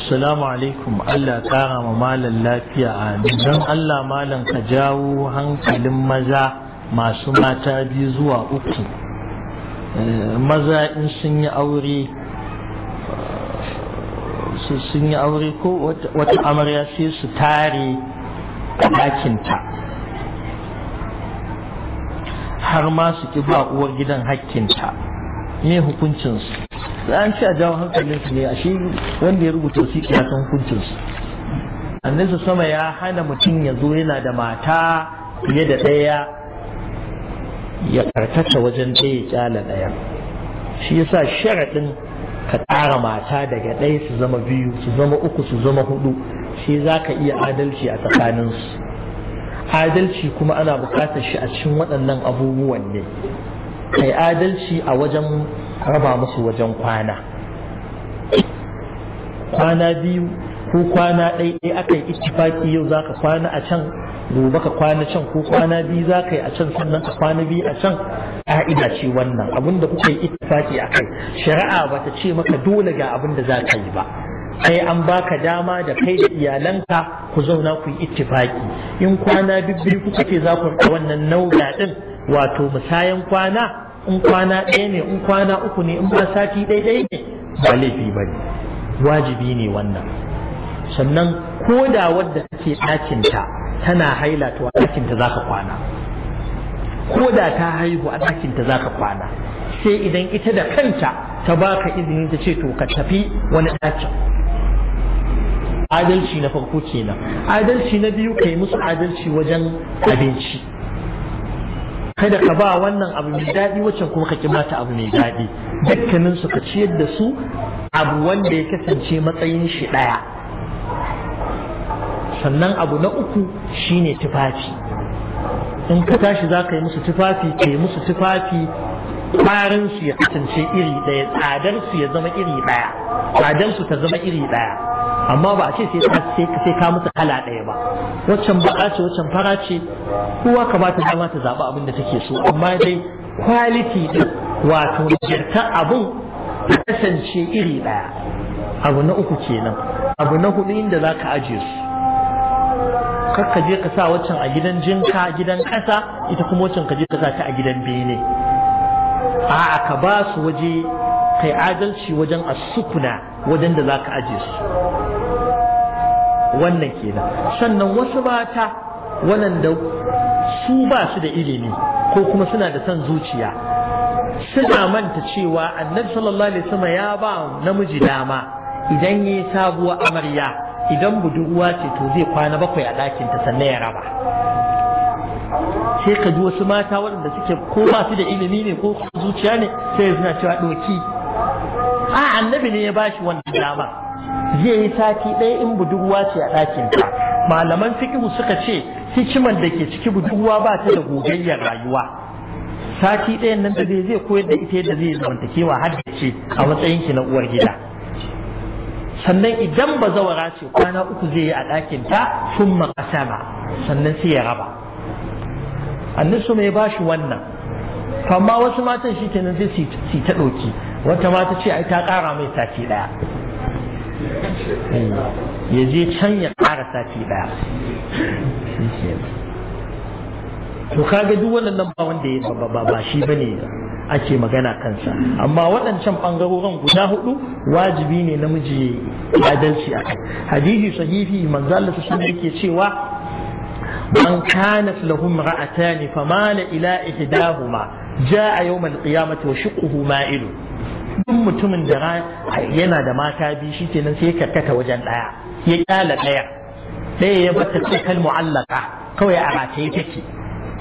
assalamu alaikum Allah kara ma malan lafiya amin don Allah malan ka jawo hankalin maza masu mata biyu zuwa uku eh, maza in sun yi aure eh, sun yi aure ko wata amarya sai su tare ɗakinta har ma su ƙi ba uwar gidan hakkinta me hukuncinsu an ce a jawo hankalin su ne a shi wanda ya rubuta wasiƙi ya san annin su sama ya hana mutum ya zo yana da mata fiye da ɗaya ya karkata wajen ɗaya ƙyala ɗaya shi ya yasa sharaɗin ka tsara mata daga ɗaya su zama biyu su zama uku su zama hudu sai za ka iya adalci a tsakaninsu adalci kuma ana buƙatar shi a cikin waɗannan abubuwan ne kai adalci a wajen raba musu wajen kwana kwana biyu ko kwana ɗai aka yi ittifaki yau za ka kwana a can gobe ka kwana can ko kwana biyu za ka yi a can sannan ka kwana biyu a can ƙa'ida ce wannan abin da kuka yi ittifaki a kai shari'a ba ta ce maka dole ga abin da za ka yi ba sai an baka dama da kai da iyalanka ku zauna ku yi ittifaki in kwana biyu kuka ce za ku wannan nauda wato musayan kwana in kwana ɗaya ne in kwana uku ne in ba sati ɗaya ne ba laifi ba ne wajibi ne wannan sannan ko da wadda take ɗakinta tana haila to a ɗakinta za ka kwana ko da ta haihu a ɗakinta za ka kwana sai idan ita da kanta ta baka izini ta ce to ka tafi wani ɗakin adalci na farko kenan adalci na biyu kai musu adalci wajen abinci kada ka ba wannan abu mai daɗi wacce kuma ka kimata abu mai daɗi dukkanin su ka ciyar da su abu wanda ya kasance matsayin shi ɗaya sannan abu na uku shine tufafi in ka tashi za ka yi musu tufafi ka yi musu tufafi ƙwarin ya kasance iri ɗaya tsadar ya zama iri ɗaya tsadar ta zama iri ɗaya amma ba a ce sai ka musu kala ɗaya ba waccan baƙa ce waccan fara ce kowa ka bata dama ta zaɓi abin da take so amma dai kwaliti ɗin wato jirtar abin ta kasance iri ɗaya abu na uku kenan abu na hudu inda za ka ajiye su kakka je ka sa waccan a gidan jinka gidan ƙasa ita kuma waccan ka je ka sa ta a gidan bene a'a ka ba su waje kai adalci wajen asukuna wajen da za ka aje su wannan kenan sannan wasu mata da su ba su da ilimi ko kuma suna da son zuciya suna manta cewa annabi sallallahu alaihi wasallam ya ba namiji dama idan yi sabuwar amarya idan budurwa ce to zai kwana bakwai a ɗakin ta sannan ya raba sai ka ji wasu mata waɗanda suke ko ba su da ilimi ne ko zuciya ne sai suna cewa ɗoki a annabi ne ya bashi wannan dama zai yi sati ɗaya in budurwa ce a ɗakin ta malaman fikihu suka ce hikiman da ke ciki budurwa ba ta da gogayyar rayuwa sati ɗaya nan da zai koyar da ita da zai zamantakewa har da ce a matsayin ki na uwar gida sannan idan ba zawara ce kwana uku zai yi a ɗakin ta sun makasama sannan sai ya raba annisu mai ba shi wannan amma wasu matan shi kenan zai su ta ɗauki wata mata ce ai ta ƙara mai sati ɗaya Eh, ya je can ya ƙara sati ɗaya to kaga duk wannan ba wanda ya ba ba ba shi ba ne ake magana kansa amma waɗancan ɓangarorin guda hudu wajibi ne namiji adalci a kai hadisi sahihi manzo Allah sallallahu yake cewa man kanat lahum ra'atani famala ila ihdahuma jaa a al-qiyamati wa shiqquhu ma'ilu duk mutumin da yana da mata biyu shi nan sai ya karkata wajen ɗaya ya ƙyala ɗaya ɗaya ya bata cikal mu'allaka kawai a rataye take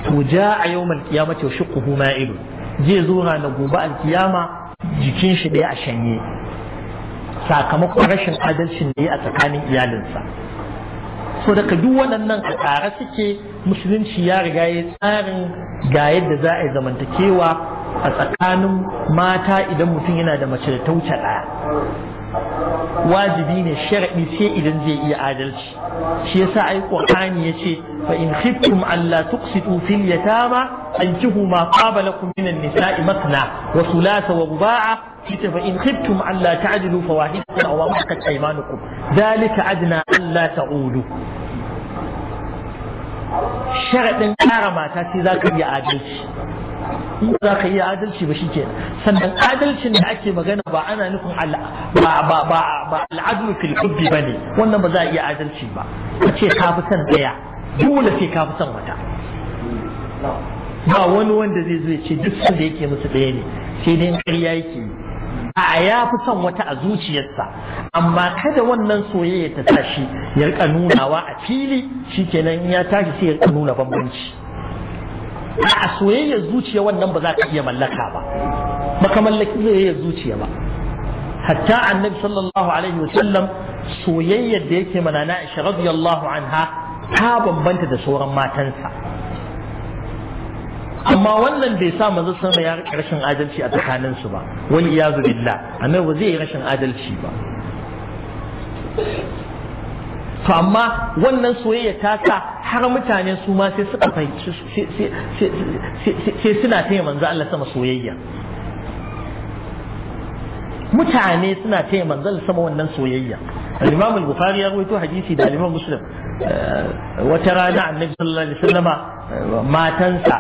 to ja a yau mal kiyama ta huma ido. je zo na gobe alkiyama jikin shi ɗaya a shanye sakamakon rashin adalcin da ya a tsakanin iyalinsa so daga duk waɗannan a tsare suke musulunci ya riga ya tsarin ga yadda za a yi zamantakewa a tsakanin mata idan mutum yana da mace da ta wuce ɗaya wajibi ne sharaɗi sai idan zai iya adalci shi yasa ai qur'ani yace fa in khiftum alla tuqsitu fil yatama ankihu ma qaba lakum minan nisa'i matna wa thulatha wa ruba'a kita fa in khiftum alla ta'dilu fawahidatan aw ma malakat aymanukum dhalika adna alla ta'ulu sharadin kara mata sai zaka iya adalci in za ka iya adalci ba shike sannan adalcin da ake magana ba ana nufin ba ba ba al'adu fil hubbi bane wannan ba za a iya adalci ba ka ce ka fi son ɗaya, dole sai ka fi son wata ba wani wanda zai zo ya ce duk sanda yake musu ɗaya ne sai dai ƙarya yake yi a ya fi son wata a zuciyarsa amma kada wannan soyayya ta tashi ya rika nunawa a fili shikenan ya tashi sai ya rika nuna bambanci a soyayyar zuciya wannan ba za ka iya mallaka ba baka mallaki soyayyar zuciya ba hatta annabi sallallahu alaihi wasallam soyayyar da yake mana na Aisha radiyallahu anha ta bambanta da sauran matansa amma wannan bai sa manzo sama ya rike rashin adalci a tsakanin su ba wani iyazu billah annabi ba zai yi rashin adalci ba to amma wannan soyayya ta sa har mutane su ma sai suka fahimci sai suna taya manzo Allah sama soyayya mutane suna taya manzo Allah sama wannan soyayya al-Imam al-Bukhari ya rawaito hadisi da al-Imam Muslim eh, wata rana Annabi sallallahu alaihi wasallama eh, matansa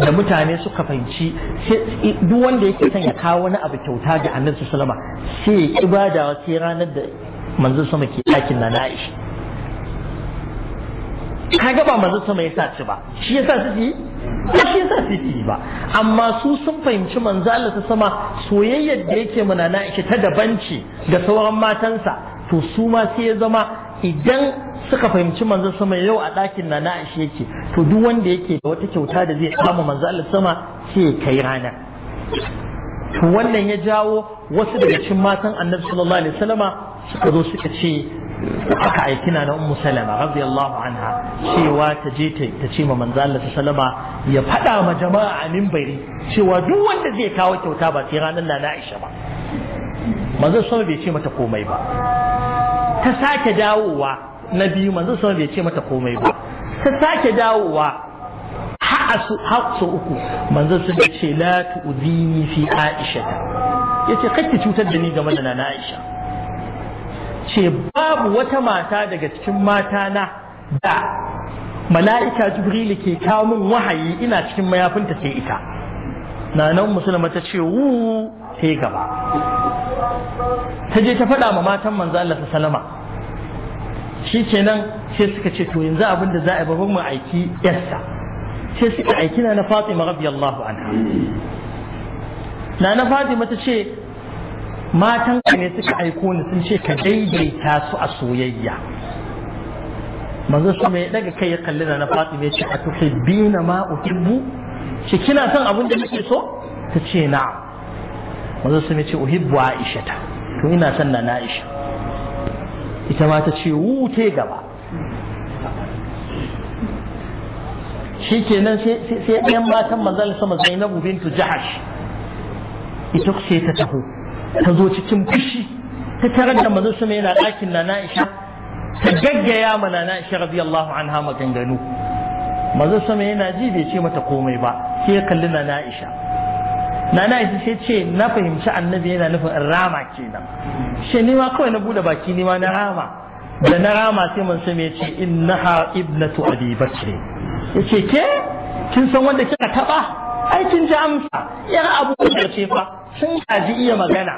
da mutane suka fahimci duk wanda yake son ya kawo wani abu kyauta ga Annabi sallallahu alaihi wasallama sai ya ibada sai ranar da manzo sama ke ɗakin na Aisha kaga ba manzo sama yasa ci ba shi yasa su ji ba shi sa su yi ba amma su sun fahimci manzo Allah ta sama soyayyar da yake mana na ita ta daban ce da sauran matansa to su ma sai ya zama idan suka fahimci manzo sama yau a ɗakin na na yake to duk wanda yake da wata kyauta da zai kama manzo Allah sama sai ya kai rana to wannan ya jawo wasu daga cikin matan Annabi sallallahu alaihi wasallama suka zo suka ce aka aiki na ummu salama radiyallahu anha cewa ta je ta ce ma manzo Allah salama ya fada ma jama'a a minbari cewa duk wanda zai kawo kyauta ba sai ranar na Aisha ba manzo sama bai ce mata komai ba ta sake dawowa na biyu manzo sama bai ce mata komai ba ta sake dawowa har su uku manzo sun ce la tu'zini fi Aisha yace kake cutar da ni game da na Aisha ce babu wata mata daga cikin mata na da mala'ika jibrilu ke kawo min wahayi ina cikin mayafinta sai ita na nan musulma ta ce wu sai gaba ta je ta faɗa ma matan manzo Allah ta salama shi kenan sai suka ce to yanzu abin da za a yi babban mu aiki yarsa sai suka aiki na na Fatima radiyallahu anha na na Fatima ta ce matan ka ne suka aiko ni sun ce ka daidaita su a soyayya manzo su mai daga kai ya kalli na Fatima ya ce a bina ma uhibbu shi kina son abin da nake so ta ce na'am manzo su mai ce uhibbu Aisha ta to ina son na Aisha ita ma ta ce wute gaba shi kenan sai ɗayan matan manzo sama Zainabu bintu Jahash ita ce ta taho ta zo cikin fushi ta tarar da mazan sama yana ɗakin na na'isha ta gaggaya ma na na'isha radiyallahu anha maganganu Mazan sama yana ji bai ce mata komai ba sai ya kalli na na'isha na na'isha sai ce na fahimci annabi yana nufin rama kenan shi nima kawai na bude baki nima na rama da na rama sai manzon sama ya ce innaha ibnatu abi bakr yace ke kin san wanda kika taɓa aikin kin ji amsa yar abu ce fa sun ji iya magana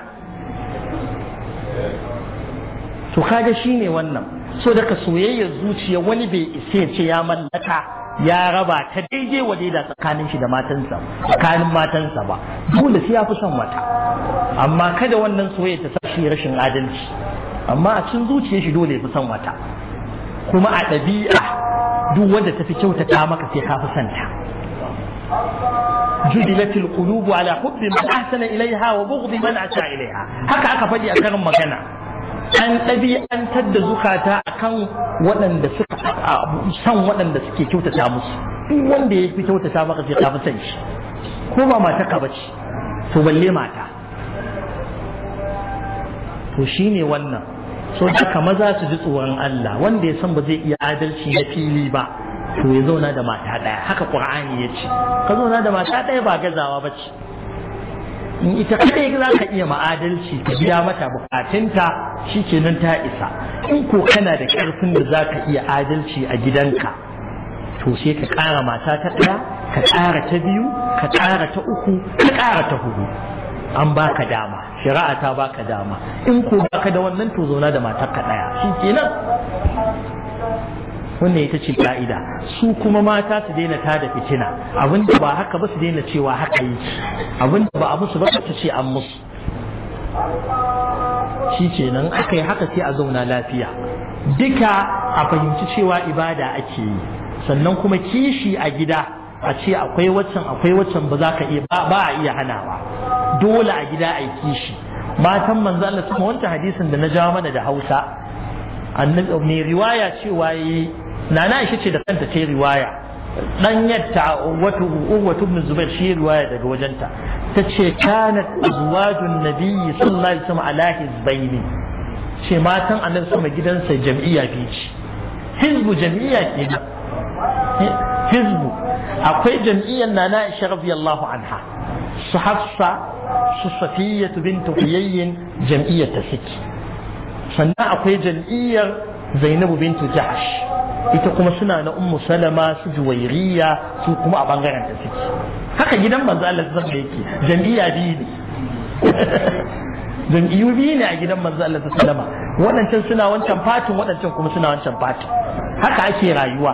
to kaga shine wannan so daga soyayyar zuciya wani bai isa ya ce ya mallaka ya raba ta daidai wa daida tsakanin shi da matansa tsakanin matansa ba dole sai ya fi son wata amma kada wannan soyayya ta sashi rashin adalci amma a cin zuciyar shi dole ya fi son wata kuma a ɗabi'a duk wanda ta fi kyautata maka sai ka fi son جدلت القلوب على حب من أحسن إليها وبغض من أساء إليها هكا أكا فدي أكرم مكانا an ɗabi an tadda zukata a kan waɗanda suka san waɗanda suke kyautata musu wanda ya fi kyautata maka sai ka san shi ko ba mata ka bace to balle mata to shine wannan so duka maza su ji tsoron Allah wanda ya san ba zai iya adalci na fili ba to ya zauna da mata ɗaya haka ƙur'ani ya ce ka zauna da mata ɗaya ba gazawa ba ce in ita kaɗai za ka iya ma'adalci ka biya mata bukatunta shi ke nan ta isa in ko kana da ƙarfin da za ka iya adalci a gidanka to sai ka ƙara mata ta ɗaya ka ƙara ta biyu ka ƙara ta uku ka ƙara ta hudu an baka dama shari'a ta baka dama in ko ba ka da wannan to zauna da matarka ɗaya shi kenan wanda ita ce ka'ida su kuma mata su daina ta da fitina abinda ba haka ba su daina cewa haka yi abinda ba a musu ba su ce an musu shi nan aka yi haka sai a zauna lafiya duka a fahimci cewa ibada ake yi sannan kuma kishi a gida a ce akwai waccan akwai waccan ba za ka iya ba a iya hanawa dole a gida a yi kishi matan manzo Allah wanta hadisin da na ja mana da Hausa annabi mai riwaya cewa yi nana aisha ce da kanta ce riwaya dan yatta watu uwatu ibn zubair shi riwaya daga wajenta Ta ce kanat azwajun nabiyyi sallallahu alaihi wasallam ala hizbaini ce matan annabi sama gidansa jam'iyya ke ci. hizbu jam'iyya kenan hizbu akwai jam'iyyar nana aisha radiyallahu anha su hafsa su safiyatu bint huyayyin jam'iyyar ta siki sannan akwai jam'iyyar zainabu bint jahash ita kuma suna na ummu salama su juwairiya su kuma a bangaren da suke haka gidan manzo Allah sallallahu alaihi yake jam'iyya biyu ne jam'iyyu biyu ne a gidan manzo Allah sallallahu salama waɗancan suna wancan fatin waɗancan kuma suna wancan fatin haka ake rayuwa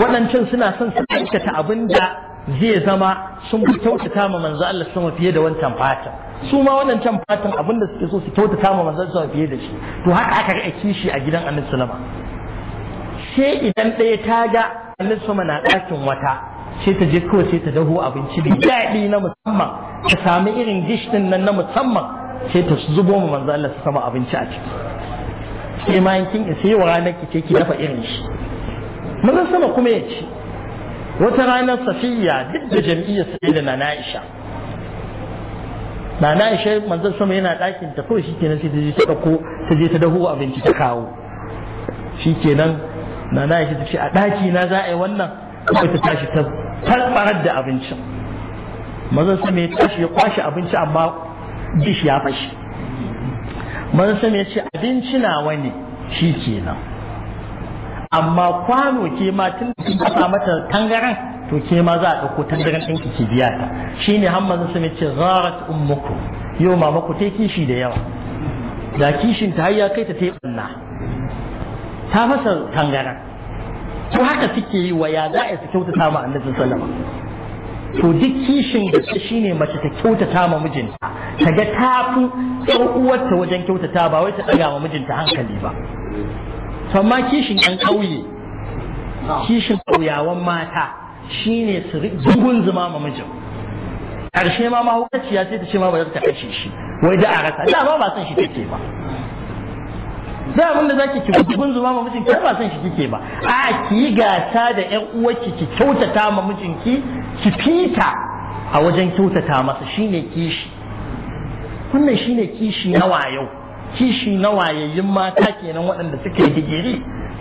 waɗancan suna son su aikata abin da zai zama sun fi kyautata ma manzo Allah sama fiye da wancan fatan su ma can fatan abinda suke so su kyautata ma manzo sama fiye da shi to haka aka rike kishi a gidan Annabi sallama sai idan ɗaya ta ga Annabi sama na ɗakin wata sai ta je kawai sai ta daho abinci da daɗi na musamman ta sami irin dish din nan na musamman sai ta zubo ma manzo Allah sama abinci a ciki sai ma yankin sai wa ranar ki ce ki dafa irin shi mun sama kuma ya ce. wata ranar safiya duk da jam'iyyar sai da Nana isha Nana isha manzan sama yana ɗakin ta kawai shikenan sai ta je ta ɗauko ta je ta dahu abinci ta kawo shikenan Nana isha ta ce a ɗaki na za a yi wannan kawai ta tashi ta farfarar da abincin manzan sama ya tashi ya kwashe abinci amma dish ya fashi manzan sama ya ce abinci nawa ne shikenan amma kwano ke ma tun da suka sa mata tangaran to ke ma za a ɗauko tangaran ɗin ki biya ta shine hammazin sun ce zarat ummuku yau mama ku ta kishi da yawa da kishin ta ya kai ta yi banna ta fasa tangaran to haka suke yi wa ya za a su kyautata ma annabi sallama to duk kishin da ta shine mace ta kyautata ma mijinta ta ga ta fi ɗan uwarta wajen kyautata ba wai ta ɗaga ma mijinta hankali ba amma kishin ɗan ƙauye kishin ƙauyawan mata shine su bugun zuma ma mijin ƙarshe ma ya sai ta ce ma ba za ta kashe shi wai da a rasa da ba ba san shi take ba da abin da za ki bugun zuma ma mijin kai ba san shi kike ba a ki gata da ƴan uwarki ki kyautata ma mijinki ki fita a wajen kyautata masa shine kishi wannan shine kishi na wayo kishi na wayayyun mata kenan waɗanda suka yi digiri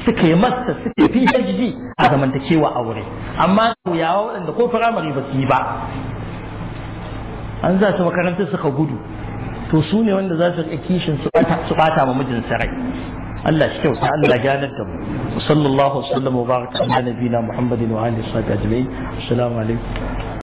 suka yi masta suka yi phd a zamantakewa aure amma yawa waɗanda ko firamare ba su yi ba an za su makaranta suka gudu to su ne wanda za su kishin su ɓata ma mijin sarai Allah shi kyauta Allah ganar da mu sallallahu alaihi wa sallam wa baraka ala nabiyina Muhammadin wa alihi wa sahbihi ajma'in assalamu alaikum